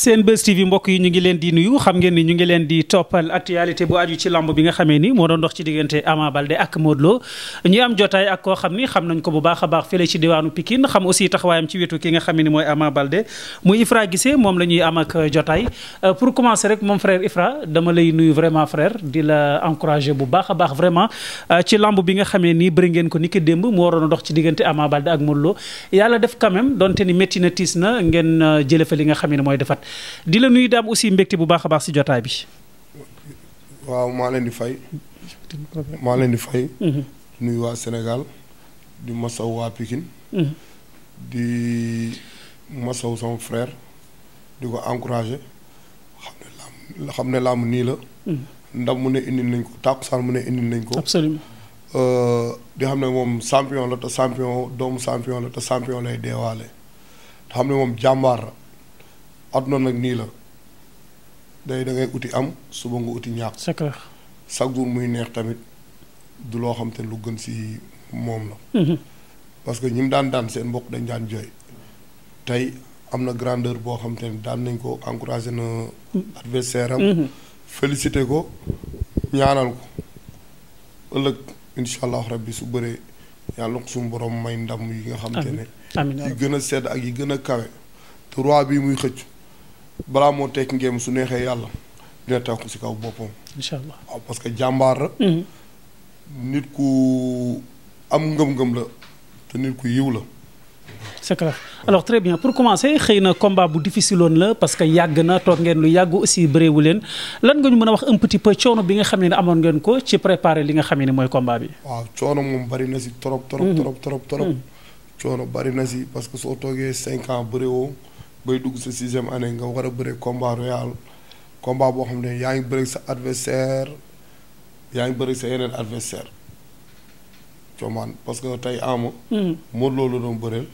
seen Buzz bi mbokk yi ñu ngi leen di nuyu xam ngeen ni ñu ngi leen di toppal actualité bu aju ci lamb bi nga xamee ni moo doon dox ci diggante Ama Baldé ak am jotaay ak koo xam ni xam nañ ko bu baax a baax fële ci diwaanu Pikine xam aussi taxawaayam ci wetu ki nga xamee ni mooy Ama Baldé muy Ifra Guissé la ñuy am ak euh, euh, pour commencer rek moom frère Ifra dama lay nuyu vraiment frère di la encourager bu baax a baax vraiment euh, ci lamb bi nga xamee ni bëri ngeen ko ni démb moo waroon dox ci diggante Ama Baldé ak Modou Lo yàlla def quand même donte ni métti na ngeen jëlee fa li nga xam ne mooy defat di la nuyu daam aussi mbégte bu baax a baax si jotaay bi. waaw maa leen di fay. maa leen di fay. Mhm. nuyu waa Sénégal di masaw waa Pikine mhm. di masaw sama frère di ko encouragé xam ne làmb xam ne làmb nii la. Mhm. ndam mu ne indi nañ ko tàkkusaan mu ne indi nañ ko. absolument. Euh, di xam ne moom champion la te champion doomu champion la te champion lay deewaale te xam ne moom jàmbaar la àdduna nag nii la day da uti am suba nga uti ñaax. c'est clair muy neex tamit du loo xam te lu gën si moom la. Mhm. parce que ñi mu daan daan seen mbokk dañ daan jooy tey am na grandeur boo xam te ne daan nañ ko encouragé na adversaire am. Mhm. félicité ko ñaanal ko ëllëg incha allah rabbi su bëree yàlla ko borom may ndam yi nga xam te ne. yi gën a sedd ak yi gën a kawe te bii muy xëcc. balaa moo tekki ngéem su neexee yàlla dina tànku si kaw boppam. incha allah waaw parce que jàmbaar la. Mm-hmm. nit ku am ngëm-ngëm la te nit ku yiw la. c'est clair alors très bien pour commencer xëy na combat bu difficile woon la parce que yàgg na toog ngeen lu yàgg aussi bëreewu leen lan nga ñu mën a wax un petit peu coono bi nga xam ne amoon ngeen ko ci préparer li nga xam ne mooy combat bi. waaw coono moom bari na si trop trop mm-hmm. trop trop trop. Mm-hmm. coono bari na si parce que soo toogee cinq ans bay dugg sa sixième année nga war a bëre combat royal combat boo xam ne yaa ngi bëre sa adversaire yaa ngi bëre sa yeneen adversaire coomaan parce que tey ama hmm. Modou Lo la doon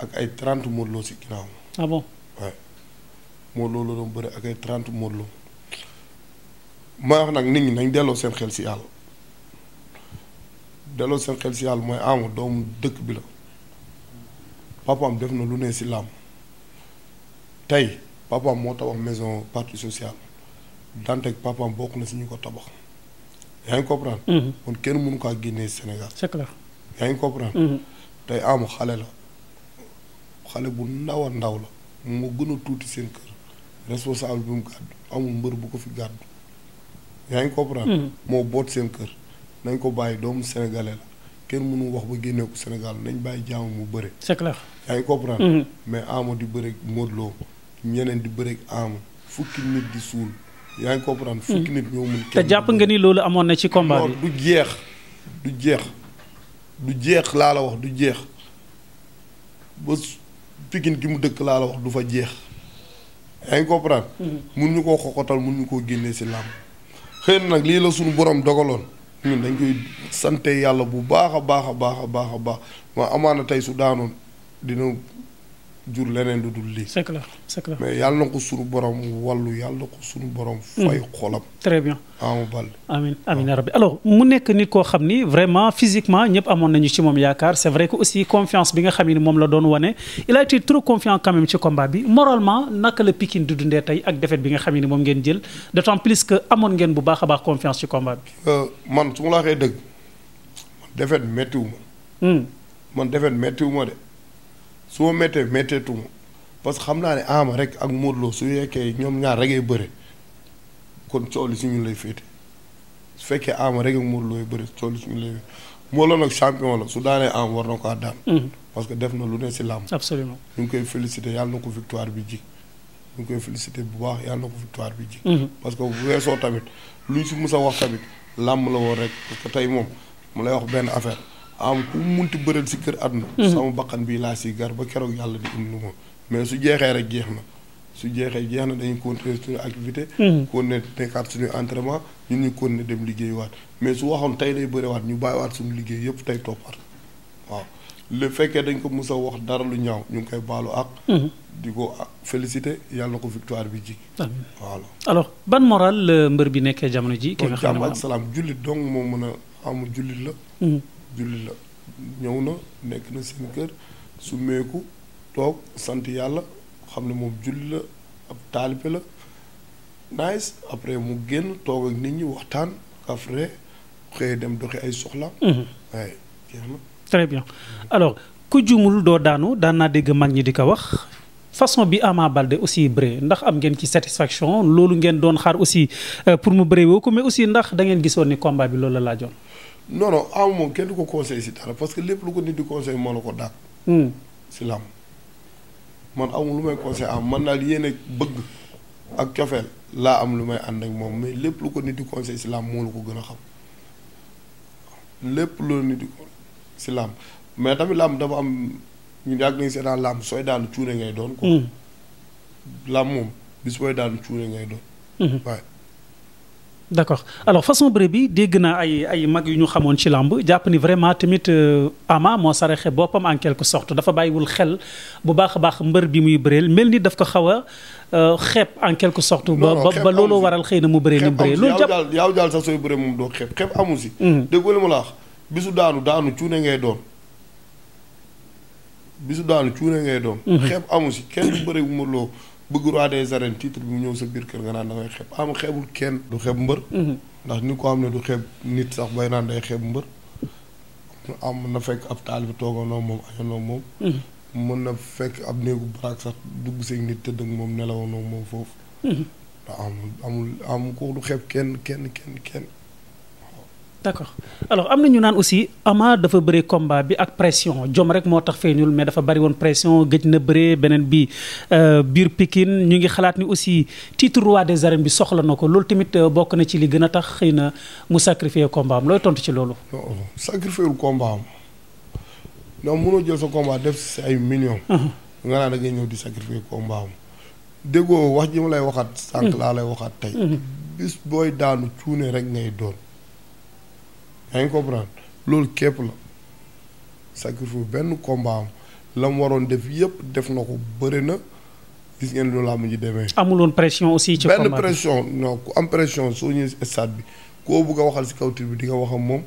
ak ay trent Modou Lo si ginnaaw ah bon waaw Modou wax nag nit ñi nañ delloo seen xel si yàlla delloo seen xel si yàlla mooy ama doomu dëkk bi la papaam def na lu ne si làmb tey papaam moo tabax maison partie sociale Dantec papaam bokk na si ñu ko tabax yaa ngi comprendre. Mhm. kenn mënu kaa génnee Sénégal. c'est clair yaa ngi mhm. tey am xale la xale bu ndaw ndaw la mu gën tuuti seen kër responsable bi mbër bu ko fi gàddu yaa ngi comprendre. Mhm. moo boot seen kër nañ ko bàyyi doomu sénégalais la kenn mënu wax ba génnee ko Sénégal nañ bàyyi jaamu mu bëre. c'est clair yaa ngi comprendre. mais Ama di bëre Modou ñeneen di bëreeg am fukki nit di suul yaa ngi comprendre. Hmm. fukki nit ñoo mun kenn. te jàpp nga ni loolu amoon na ci combat bi. du jeex du jeex du jeex laa la wax du jeex ba Pikine gi mu dëkk laa la wax du fa jeex yaa ngi comprendre. Hmm. mun ñu ko xoxotal mun ñu ko génnee si làmb xëy na nag lii la suñu borom dogaloon ñun dañ koy sante yàlla bu baax a baax a baax a baax a baax ma amaana tey su daanoon dina. jur leneen lu dul lii. c'est clair c'est mais yàlla na ko suñu borom wàllu yàlla ko suñu borom. fay hmm. xolam. très bien Ama Baldé. amiin amiin ah. yaa bi alo mu nekk nit koo xam ni vraiment physiquement ñëpp amoon nañu ci moom yaakaar c'est vrai que aussi confiance bi nga xam ni moom la doon wane il a été trop confiant quand même ci combat bi moralement naka la Pikine di dundee tey ak défaite bi nga xam ni moom ngeen jël d'autant plus que amoon ngeen bu baax a baax confiance ci combat bi. Euh, man su ma la waxee dëgg man défaite méttiwu ma. Hmm. man défaite méttiwu ma de. su ma méttee métteetu ma parce que xam naa ne Ama rek ak Modou su yekkee ñoom ñaar rek ay bëre kon cooli si ñu lay féete su fekkee Ama rek ak Modou Lo bëri bëre si ñu lay féete Modou Lo nag champion la su daanee Ama war na ko daan. Mm-hmm. parce que def na lu ne si làmb. absolument ñu ngi koy félicité yàlla na ko victoire bi ji. ñu ngi koy félicité bu baax yàlla na ko victoire bi ji. Mm-hmm. parce que bu weesoo tamit lu si mus a wax tamit làmb la woon rek parce tey moom mu lay wax benn affaire. am ku ti bëreel si kër àdduna mhm. sama bakkan bii laa si gar ba keroog yàlla di indi mais su jeexee rek jeex na su jeexee jeex na dañuy continuer suñu activité mhm. continuer nekkaat suñu entraînement ñun ñu continuer dem liggéey waat mais su waxoon tey lay bëri waat ñu bàyyi waat suñu liggéey yëpp tey toppaat waaw le fekkee dañ ko mus a wax dara lu ñaaw ñu ngi koy baalu ak mhm. di ko félicité yàlla ko victoire bi ji voilà alors ban moral la euh, mbër bi nekkee jamono ji ki nga xam ne jàmm ak salaam jullit mën a amul jullit la julli la ñëw na nekk na seen kër su toog sant yàlla xam ne moom julli la ab taalibe la nice après mu génn toog ak nit ñi waxtaan kafre xëy dem doxi ay soxla waaye mhm. jeex na très bien alors ku juumul doo daanu daan naa dégg mag ñi di ko wax façon bi Ama Baldé aussi bëree ndax am ngeen ci satisfaction loolu ngeen doon xaar aussi euh, pour mu bëree woo ko mais aussi ndax da ngeen gisoon ni combat bi loolu laa laajoon non non ama moom kenn du ko conseil si dara parce que lépp lu ko nit di conseil moo la ko dàq hmm. si làmb man amul lu may conseil am man daal yéene bëgg ak laa am lu may ànd moom lépp lu ko nit di ko gën a xam lépp lu nit di si làmb mais tamit làmb dafa am ñu yàgg nañ seetaan làmb sooy daanu cuune ngay doon quoi hmm. làmb moom bis booy daanu cuune ngay doon hmm. d' accord alors façon bëre bi dégg naa ay ay mag yu ñu xamoon ci làmb jàpp ni vraiment tamit euh, ama moo saraxe boppam en quelque sorte dafa bàyyiwul xel bu baax a baax mbër bi muy bëreel mel ni daf ko xaw a euh, xeeb en quelque sorte. ba ba looloo waral xëy na mu bëree ni mu bëree. loolu jàpp yaaw daal sax sooy bëree moom doo xeeb xeeb amu si. Mm-hmm. dégg li ma la wax bisu daanu daanu cuune ngay doon bisu daanu cuune ngay doon. Mm-hmm. xeeb amu si kenn du bëree wu loo bëgg roi des arènes titre bi mu ñëw sa biir kër nga naan da ngay xeeb ama xeebul kenn du xeeb mbër mhm. ndax ni ko am ne du xeeb nit sax bay naan day xeeb mbër am na fekk ab taal bi toogandoo moom añandoo moom mhm. mën na fekk ab néegu baraak sax dugg seeg nit tëdd ak moom nelawandoo moom foofu mhm. amul amul am ko du xeeb kenn kenn kenn kenn d'accord alors am na ñu naan aussi Ama dafa bëre combat bi ak pression jom rek moo tax feeñul mais dafa bari woon pression géej na bëre beneen bi euh, biir Pikine ñu ngi xalaat ni aussi titre roi des arènes bi soxla na ko loolu tamit euh, bokk na ci li gën a tax xëy na mu sacrifier combat am looy tontu ci loolu. Oh, sacrifier combat am donc jël sa combat def si ay millions. Uh-huh. nga naan da ngay ñëw di sacrifier combat déggoo wax ji ma lay waxaat. sànq mm-hmm. laa lay waxaat tey. Mm-hmm. bis booy rek ngay doon. yaa loolu képp la sacrifice benn combat am la mu waroon def yëpp def na ko bëri na gis ngeen loolu laa mujj demee. amuloon pression aussi ci combat benn pression non ku bi ko bëgg a waxal si kaw tur bi di nga wax ak moom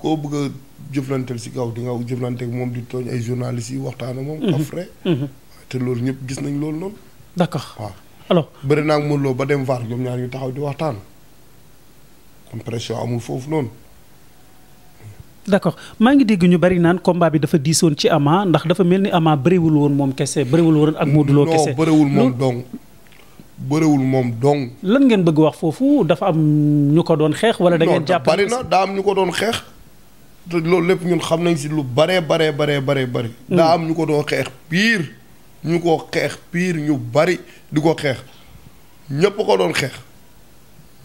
ko bëgg a jëflanteel si kaw di nga jëflante ak moom di tooñ ay journalistes yi waxtaan moom moom. après. Mhm. te loolu ñëpp gis nañ loolu noonu. d'accord waaw. alors naa ak Modou Lo ba dem VAR ñoom ñaar ñu taxaw di waxtaan kon pression amul foofu noonu. d'accord maa ngi dégg ñu bari naan kombaa bi dafa diisoon ci Ama ndax dafa mel ni Ama bëriwul woon moom kese bëriwul woon ak mu Lo kese. non bëriwul moom dong. bëriwul moom dong. lan ngeen bëgg wax foofu dafa am ñu ko doon xeex wala da ngeen. jàpp bari ñu ko doon xeex. te loolu lépp ñun xam nañ si lu baree baree baree baree bari. Hmm. daa am ñu ko doon xeex pire. ñu ko xeex pire ñu bari di ko xeex ñëpp ko doon xeex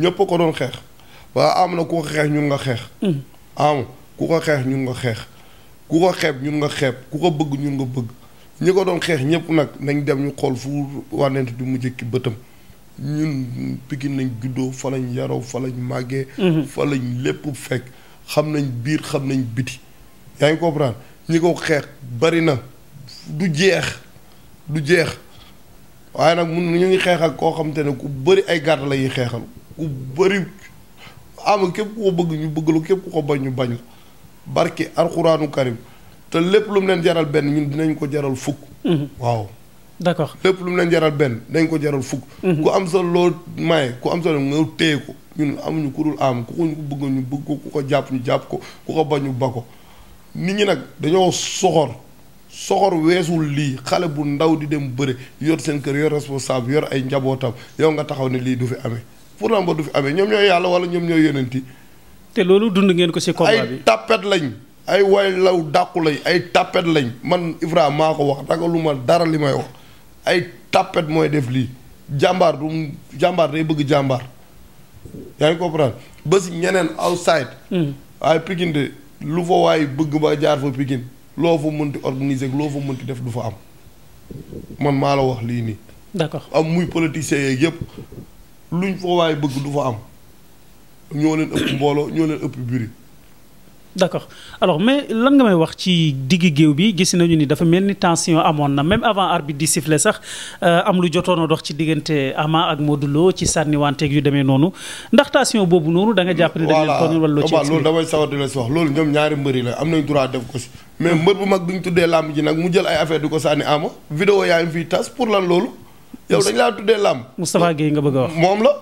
ñëpp ko doon xeex waaye am na ku ko xeex ñun nga xeex. Hmm. am ku ko xeex ñun nga xeex ku ko xeeb ñun nga xeeb ku ko bëgg ñun nga bëgg ñi ko doon xeex ñëpp nag nañ dem ñu xool fu wànnent di mujj ki bëtam ñun Pikine nañ juddoo fa lañ yaroo fa lañ màggee mhm. fa lañ lépp xam nañ biir xam nañ biti yaa ngi ko xeex bari na du jeex du jeex waaye nag mun ñu ngi xeexal koo xam te ne ku bëri ay garde la yi xeexal ku bëri ama képp ku ko bëgg ñu bëgg la képp ku ko bañ ñu bañ la barke alxuraanu karim te lépp lum leen jaral benn ñun dinañ ko jaral fukk. Mhm. waaw. d'accord lépp lum mu leen jaral benn dañ ko jaral fukk. Mhm. ku am sa loo maye ku am sa loo nga ko ñun amuñu ku dul am ku ko bëgg ñu bëgg ko ku ko jàpp ñu jàpp ko ku ko bañ ñu ba ko. nit ñi nag dañoo soxor soxor weesul lii xale bu ndaw di dem bëre yor seen kër yor responsable yor ay njabootam yow nga taxaw ne lii du fi amee pour lan ba du fi amee ñoom ñoo yàlla wala ñoom ñoo yonent yi te loolu dund ngeen ko ci combat bi ay tapet lañ. ay way law dàqu lañ ay tapet lañ man Ibra maa ko wax ragaluma dara li may wax ay tàppet mooy def lii jàmbaar du jàmbaar day bëgg jàmbar yaa ngi comprendre ba si ñeneen outside. waaye hmm. Pikine de lu fa waay bëgg ba jaar fa Pikine loo fa mënti organiser loo fa mënti def du fa am man maa la wax lii nii. d'accord am muy politiciens yeeg yëpp luñ fa waay bëgg du fa am. ñoo leen ëpp mbooloo ñoo leen ëpp buri d'accord alors mais lan nga may wax ci digg géew bi gis nañu ni dafa mel ni tension amoon na même avant bi di siffler sax euh, am lu jotoon a dox ci diggante Ama ak Modou Lo ci sànniwanteeg yu demee noonu ndax tension boobu noonu da nga jàpp ne. dañu leen tooñal wala loo damay sawar di si wax loolu ñoom ñaari mbër mbëri la am nañ droit def ko si. mais mbër bu mag bi ñu tuddee làmb ji nag mu jël ay affaire di ko sànni Ama. vidéo yaa ngi fiy tas pour lan loolu. yow dañ laa tuddee làmb. Moustapha Guèye nga bëgg wax moom la.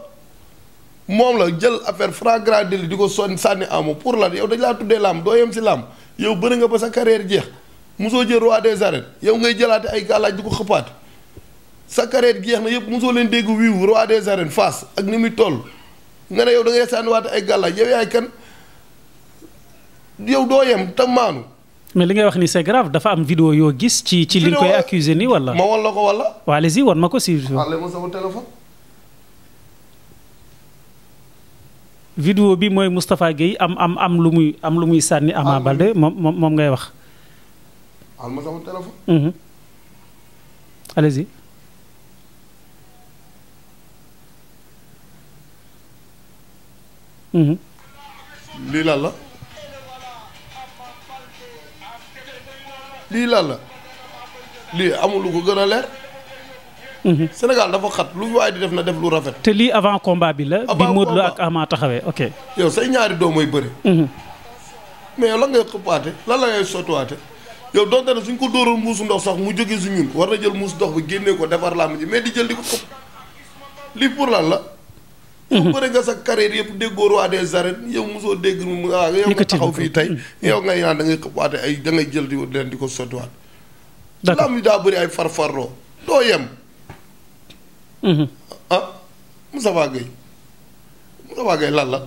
moom la jël affaire flagrant délit di ko sonn sànni amu pour lan yow dañ laa tuddee làmb doo yem si làmb yow bëri nga ba sa carrière jeex mosoo jël roi des arènes yow ngay jëlaate ay gàllaaj di ko xëppaat sa carrière jeex na yëpp mosoo leen dégg wiiw roi des arènes face ak ni muy toll nga ne yow da ngay sànniwaate ay gàllaaj yow yaay kan yow doo yem tam maanu. mais li ngay wax ni c'est grave dafa am vidéo yoo gis. ci ci li nga koy accusé ni wala. ma wan la ko wala. waaw allez-y wan ma ko si. ma sama téléphone. vidéo bi mooy Moustapha Guèye am am am lu muy am lu muy sànni Ama ah, Baldé moom moom ngay wax. al ah, ma mhm. allez-y. Mhm. lii lan la lii lan la lii amul lu ko gën a leer. Mhm. Sénégal dafa xat lu waay di def na def lu rafet. te lii avant combat bi la. bi Modou Lo ak Ama taxawee ok. yow say ñaari doom mooy bëri. Mhm. mais yow lan ngay xëppaate la la ngay sottiwaate yow doonte ne suñ ko dóoroon muusu ndox sax mu jógee si ñun war na jël muus ndox bi génnee ko defar làmb ji mais di jël di ko xëpp lii pour lan la. yow mhm. bëri nga sa carrière yëpp déggoo roi des yow mosoo dégg mu ah, yow nga taxaw fii tey yow ngay naan da ngay xëppaate ay da jël di leen di ko sottiwaat. d'accord làmb ji daa bëri ay farfarloo doo yem. Mhm. ah Moustapha Gueye Moustapha Gueye lan la.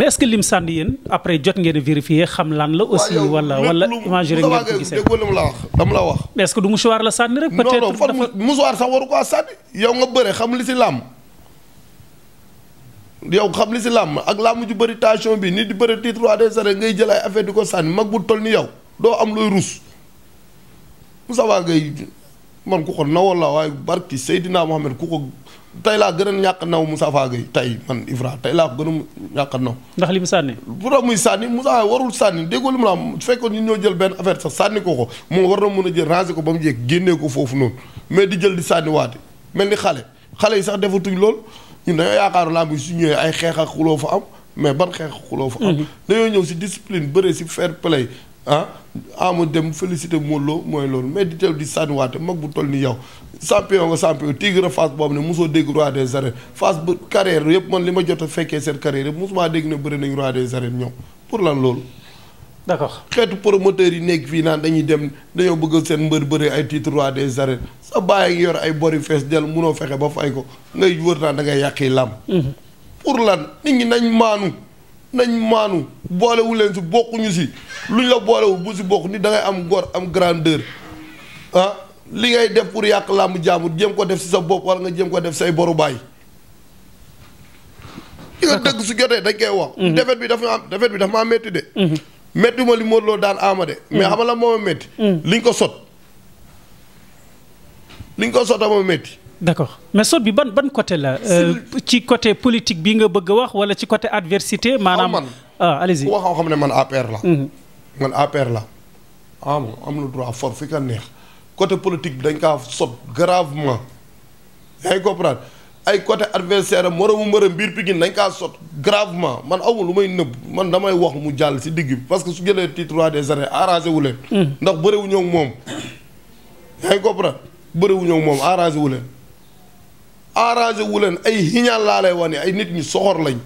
mais que lim sànni yéen après jot ngeen vérifier xam lan la. aussi wala wala image rek ngeen ko gisee déggoo la wax dama la wax. mais est-ce que du mouchoir la sànni rek. peut-être non yow nga bëre xam li si làmm yow xam li si làmm ak làmm ju bëri tension bi nit di bëri titre waa des arènes ngay jël ay affaire di ko sànni mag bu toll ni yow doo am looy rus Moustapha Gueye. man ku ko nawoon la waaye barki Seydina Mohamed ku ko tey laa gën a ñàkk naw Moussa Fagué tey man Ifra tey laa ko gën a ñàkk naw. ndax li mu sànni. bu doon muy sànni Moussa warul sànni déggoo li mu la am fekkoon ñu ñoo jël benn affaire sax sànni ko ko moo war na mën a jël ranger ko ba mu jeeg génnee ko foofu noonu mais di jël di sànni waate mel ni xale xale yi sax defatuñ lool ñun dañoo yaakaar làmb yi su ñëwee ay xeex xuloo fa am mais ban xeex xuloo fa am. Mm-hmm. dañoo si discipline bëree si fair play ah ama ah, dem félicité Modou Lo mooy loolu mais di teew di mag bu toll ni yow champion nga champion Tigre Fass boo ne mosoo dégg roi des arènes Fass bu carrière yëpp man li ma jot fekkee seen carrière yëpp mosumaa dégg ne bëri nañ roi des arènes ñoom pour lan loolu d'accord xeetu promoteurs yi nekk fii naan dañuy dem dañoo bëgg seen mbër bëri ay titre roi des arènes sa bàyyi ngi yor ay bori fees del munoo fexe ba fay ko ngay wër naan da ngay yàqi làmb mhm. pour nañ maanu boolewu leen si bokkuñu si luñ la boolewul bu si bokk ni da am ngor am grandeur ah li ngay def pour yàq làmb jàmbur jéem ko def si sa bopp wala nga jéem ko def say boru baay. li nga dëgg su jotee dañ koy wax. Mhm. defet bi dafa am defet bi dafa maa métti de. métti mhm. li Modou Lo daan ama de. mais mhm. xamal la moo ma métti. liñ ko sot liñ ko sot a ma d'accord mais sot bi ban ban côté la. Euh, ci côté politique bi nga bëgg a wax wala ci côté adversité. maanaam man ah allez-y ku waxoo xam ne man APR la. Mhm. man APR la am ah am na droit fort fi ka neex côté politique bi dañ kaa sot gravement yaa ngi ay côté adversaire am moromu mbërëm biir Pikine dañ kaa sot gravement man amul lu may nëbb man damay wax mu jàll si digg bi parce que su jëlee titre roi des arènes arrangé wu leen. Mhm. ndax bëriwuñoo ak moom yaa ngi comprendre moom arrangé wu arrangé wu leen ay xiñaan laa lay wane ay nit ñu soxor lañ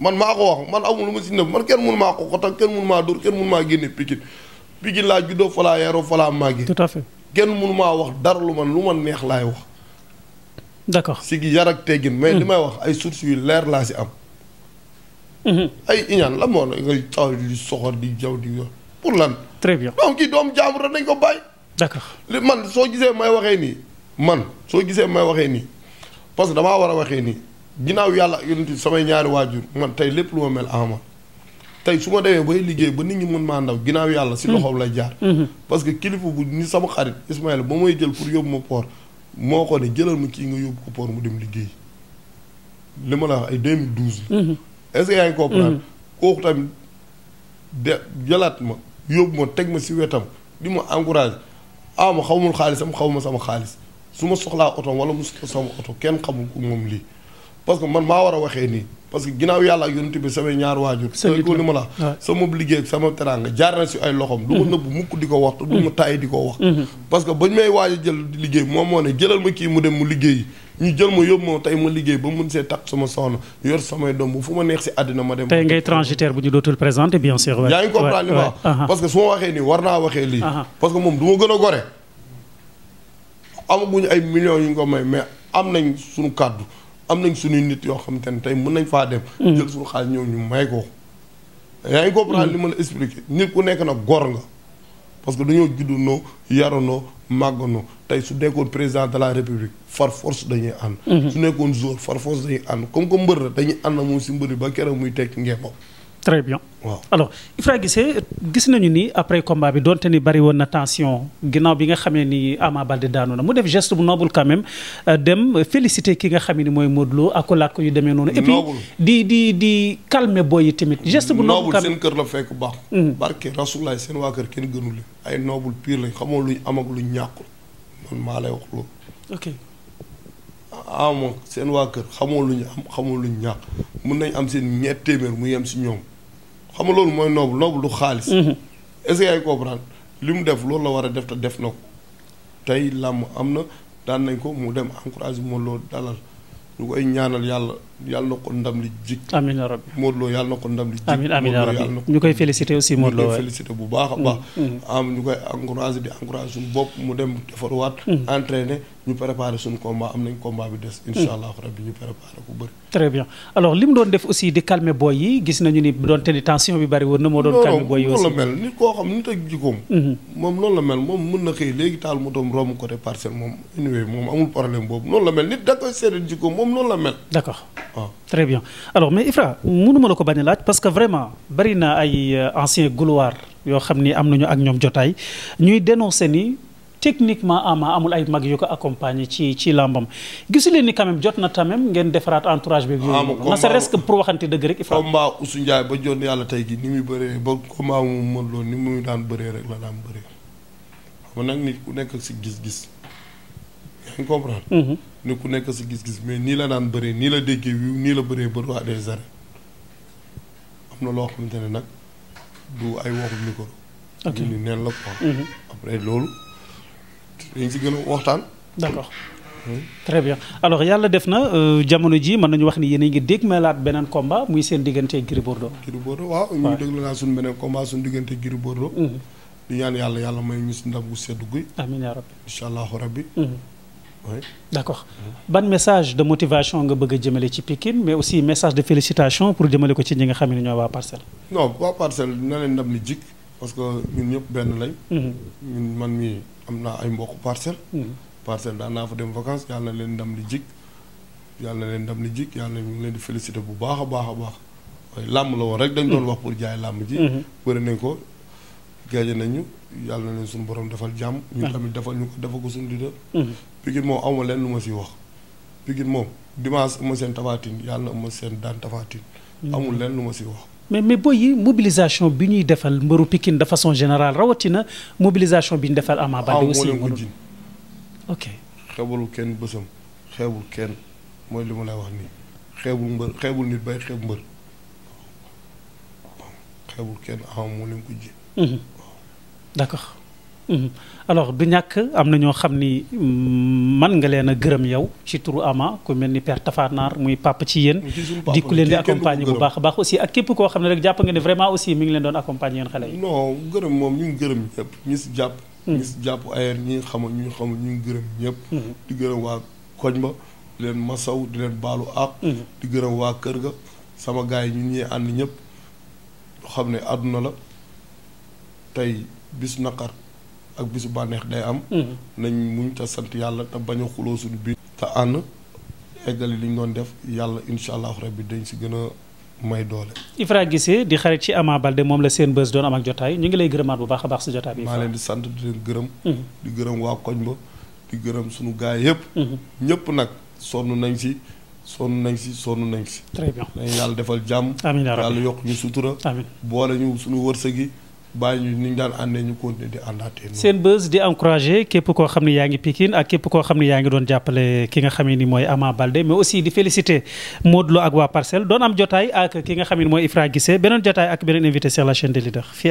man maa ko wax man amul lu ma si nëb man kenn mun maa ko xotal kenn mun maa dóor kenn mun maa génne Pikine Pikine laa juddoo fa laa yaroo fa laa màggee. tout à fait kenn mun maa wax dara lu man lu ma neex laay wax. d'accord si gi hmm. li may wax ay sources yu leer laa si am. Hmm. ay iñaan la moo la ngay di soxor di jaw di pour lan. très bien donc kii doomu jàmbur dañ ko bàyyi. d'accord li man soo gisee may waxee nii man soo gisee may waxee nii. parce que damaa war a waxee nii ginnaaw yàlla yonent samay ñaari waajur man tey lépp lu ma mel ama tey su ma demee bay liggéey ba nit ñi mën maa ndaw ginnaaw yàlla si mhm. loxoom lay jaar mhm. parce que kilifa bu ni sama xarit Ismaïla ba may jël pour yóbbu ma port moo ko ne jëlal ma kii nga yóbbu ko port mu dem liggéey li ma la wax ay 2012 la mhm. est-ce yaa ngi comprendre kooku tamit de jëlaat ma yóbbu ma teg ma si wetam di ma encouragé ama xawmul xaalisam xaw ma sama xaalis su ma soxlaa oto wala mu soxla sama oto kenn xamul ko moom lii parce man maa war a waxee nii parce que ginnaaw yàlla ak yonent bi samay ñaar waajur ko li ma la sama liggéey ak jaar na si ay loxom di ko wax di ko wax mhm. parce que bañ may a jël liggéey moom moo ne jëlal ma kii mu dem mu liggéey ñu jël ma yóbbu ma tey ma liggéey ba mun see takk sama soxna yor samay doom bu fu ma neex si àddina ma dem tey ngay transitaire bu ñu dootul présenté bien sûr yaa ngi comprendre li uh-huh. nii war naa waxee lii uh-huh. parce que moom du a gore amaguñu ay millions yu ñu ko may mais am nañ suñu kàddu am nañ suñuy nit yoo xamante ne tey mën nañ faa dem. Mm. jël suñu xaalis ñëw ñu may ko. yaa ngi comprendre mm. li ma expliquer nit ku nekk na góor nga parce que dañoo juddunoo yaranoo màgganoo tey su nekkoon président de la république far force dañuy ànd. Mm-hmm. su nekkoon jour far force dañuy ànd comme que mbër la dañuy ànd moom si mbër ba keroog muy tekki ngeen très bien waaw alors Ifra gisee gis nañu ni après combat bi donte ni bari woon na tension ginnaaw bi nga xamee ni Ama Baldé daanu na mu def gest bu noble quand euh, dem félicité ki nga xam ni mooy Modou Lo ak làkk yu demee noonu. et puis di di di kalme booy yi tamit. geste bu noble seen kër la fekk baax. Hmm. barke Rasulaay seen waa kër kenn gënu leen ay noble pire lañ xamoo luñ am ak luñ ñàkkul man maa lay wax loolu. ok ah seen waa kër xamoo luñ am xamoo luñ ñàkk mun nañ am seen mu yem si ñoom. xam nga loolu mooy noobu noobu du xaalis. Mhm. est-ce que yaay comprendre li mu def loolu la war a def te def na ko tey làmb am na daan nañ ko mu dem encouragé Modou Lo dalal ñu koy ñaanal yàlla yàlla na ko ndam li jik. amiin yaa rabbi Modou Lo yàlla na ko ndam li jik. amiin amiin yaa rabbi ñu koy félicité aussi Modou Lo ñu bu baax a baax. Mhm. Mhm. am ñu koy encouragé di encouragé suñu bopp mu dem defaruwaat. entraîné. ñu préparé suñu combat am nañ combat bi des. incha allah rabbi ñu préparé ko bëri. très bien alors li mu doon def aussi di calmer boy yi gis nañu ni doonte ni tension bi bëri woon na moo doon. calmer boy yi aussi loolu la mel nit mhm. moom loolu la mel moom na xëy léegi taal motoom romb côté parcelle moom anyway moom amul problème boobu noonu la mel nit da koy seedeel moom noonu la mel. d' accord waaw. Ah. très bien alors mais Ifra mënu ma la ko bañ a laaj parce que vraiment bëri na ay euh, ancien gloire yoo xam ni am nañu ak ñoom jotaay ñuy dénoncé ni. techniquement Ama ah, amul ay mag yu ko accompagner ci ci làmbam gisu leen ni quand même jot na tamit ngeen defaraat entourage bi. yooyu na sa risque pour waxante dëgg rek. il faut combat Ousseu Ndiaye ba jot yàlla tey gi ni muy bëree ba combat mu mën loolu ni muy daan bëree rek la daan bëree xam nag nit ku nekk si gis-gis. yaa mhm. ku nekk si gis-gis mais nii la daan bëree nii la déggee wiw nii la bëree ba roi des arènes am na loo xamante ne nag du ay waxu micro. ok neen la ko mhm. après loolu. dañ si gën a waxtaan. d'accord très bien alors yàlla def na euh, jamono ji mën nañu wax ni yéen a ngi dégg malaat beneen combat muy seen diggante Gris Bordeaux. Gris Bordeaux waaw ñu ngi déglu naa suñu beneen combat suñu diggante Gris Bordeaux. Mhm. di ñaan yàlla yàlla may ñu si ndam gu sedd guy. amiin yaa rabbi incha allahu rabbi. Mhm. oui ban message de motivation nga bëgg a jëmale ci Pikine mais aussi message de félicitation pour jëmale ko ci ñi nga xam ne ñoo waa parcelle. non waa parcelle na leen parce que ñun ñëpp benn lañ. Mhm. ñun man mii am naa ay mbokk parcelle. Mhm. parcelle daan naa fa dem vacances yàlla na leen ndam li jig yàlla na leen ndam li jig yàlla ñu ngi leen di félicité bu baax a baax a baax waaye làmb la woon rek dañ doon mhm. wax pour jaay làmb ji. bëri nañ ko gaaje nañu yàlla na leen suñu borom defal jàmm. ñu ah. tamit defal ñu ko defal ko suñu leader. Pikine moom amuma leen lu ma siy wax. Pikine moom dimanche am seen tafatin yàlla na seen daan tafatin. amul leen lu ma siy wax. mais mais booy yi mobilisation bi ñuy defal mbëru Pikine de façon général rawatina mobilisation bi ñu defal Ama Baldé aussi ok xeebul kenn bësam xeebul kenn mooy li ma lay wax nii xeebul mbër xeebul nit bay xeeb mbër xeebul kenn Ama moo leen ko ji mhm. d'accord Mhm. alors du ñàkk am na ñoo xam ni man mm, nga leen a gërëm yow ci turu ama ku mel ni père Tafanaar muy papa ci yéen. di ku leen di accompagner bu baax a baax aussi ak képp koo xam ne rek jàpp nga ne vraiment aussi mi ngi leen doon accompagner yéen xale yi. non gërëm moom ñu ngi gërëm ñëpp jàpp. ñu si jàpp ayer mhm. ñi xamul ñu gërëm ñëpp. Mhm. di gërëm waa koñ ba di leen masaw di leen baalu àq. di gërëm waa kër ga sama gars yi ñun ñuy ànd ñëpp xam ne àdduna la tey bis naqar ak bisu bànneex day am. Mm-hmm. nañ muñ te sant yàlla te bañ a xuloo suñu biir. te ànd eggali li ñu doon def yàlla incha allahu rabbi dañ si gën a may doole. Ifra gisee di xarit ci Ama Baldé moom la seen bés doon am ak jotaay ñu ngi lay gërëmaat bu baax a baax si jotaay bi. maa leen di sant di leen gërëm. Mm-hmm. di gërëm waa koñ ba di gërëm suñu gars yëpp. Mm-hmm. ñëpp nag sonn nañ si. sonn nañ si sonn nañ si. très yàlla defal jàmm. amiin yàlla yokk ñu sutura. amiin boole ñu suñu wërsëg yi. bàyyi ñu ni ñu daan ñu continuer di seen bës di encourager képp koo xam ne yaa ngi Pikine ak képp koo xam ne yaa ngi doon jàppale ki nga xam ne ni mooy Ama Baldé mais aussi di féliciter Modou Lo ak waa Parcelles doon am jotaay ak ki nga xam ne mooy Ifra Guissé beneen jotaay ak beneen invité sur la chaîne fi leader fii